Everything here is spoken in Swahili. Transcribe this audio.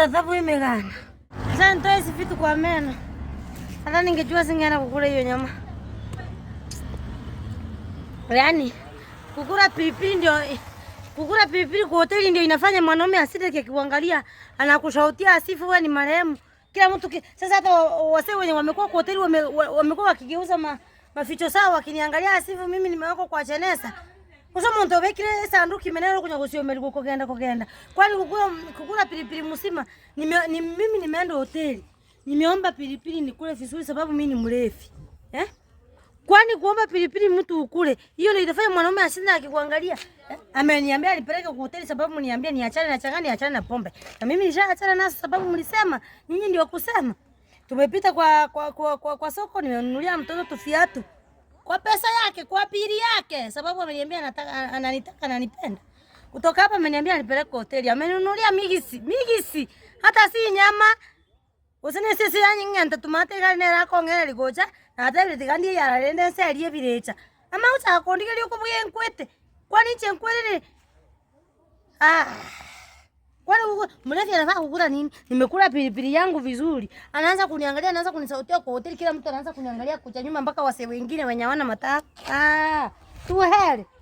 Tadhabu imegana. Sasa nitoe hizi vitu kwa meno. Hata ningejua singeenda kukula hiyo nyama. Yaani kukula pilipili ndio kukula pilipili kwa hoteli ndio inafanya mwanaume asitake akiangalia, anakushautia asifu wewe ni marehemu. Kila mtu ki... Sasa hata wasee wenye wamekuwa kwa hoteli wamekuwa wakigeuza ma... maficho sawa wakiniangalia asifu mimi nimewekwa kwa Chenesa uza muntu obekire sanduku imenene kunya gusiomeri kugenda kugenda kwani kukula kukula pilipili musima nime, ni, mimi nimeenda hoteli nimeomba pilipili nikule vizuri sababu mimi ni mrefu eh kwani kuomba pilipili mtu ukule hiyo ndio itafanya mwanaume asinde akikuangalia eh? ameniambia alipeleke kwa hoteli sababu niambia niachane na changani niachane na pombe na mimi nishaachana nazo sababu mlisema nyinyi ndio kusema tumepita kwa kwa kwa, kwa, kwa soko nimenunulia mtoto tu viatu kwa pesa yake, kwa pili yake, sababu ameniambia anataka, ananitaka, ananipenda. Kutoka hapa ameniambia nipeleke hoteli, amenunulia migisi migisi, hata si nyama usini sisi yanying'ente tumatigarinerakong'era ligocha natebitigandie yararende nserie birecha ama uchakondigeria ukubuya enkwete kwani inche enkwirire ah mlevi anafaa kukuta nini? Nimekula pilipili yangu vizuri. Anaanza kuniangalia, anaanza kunisautia kwa hoteli, kila mtu anaanza kuniangalia kucha nyuma mpaka wase wengine wenye hawana mataa. Ah, tuheri.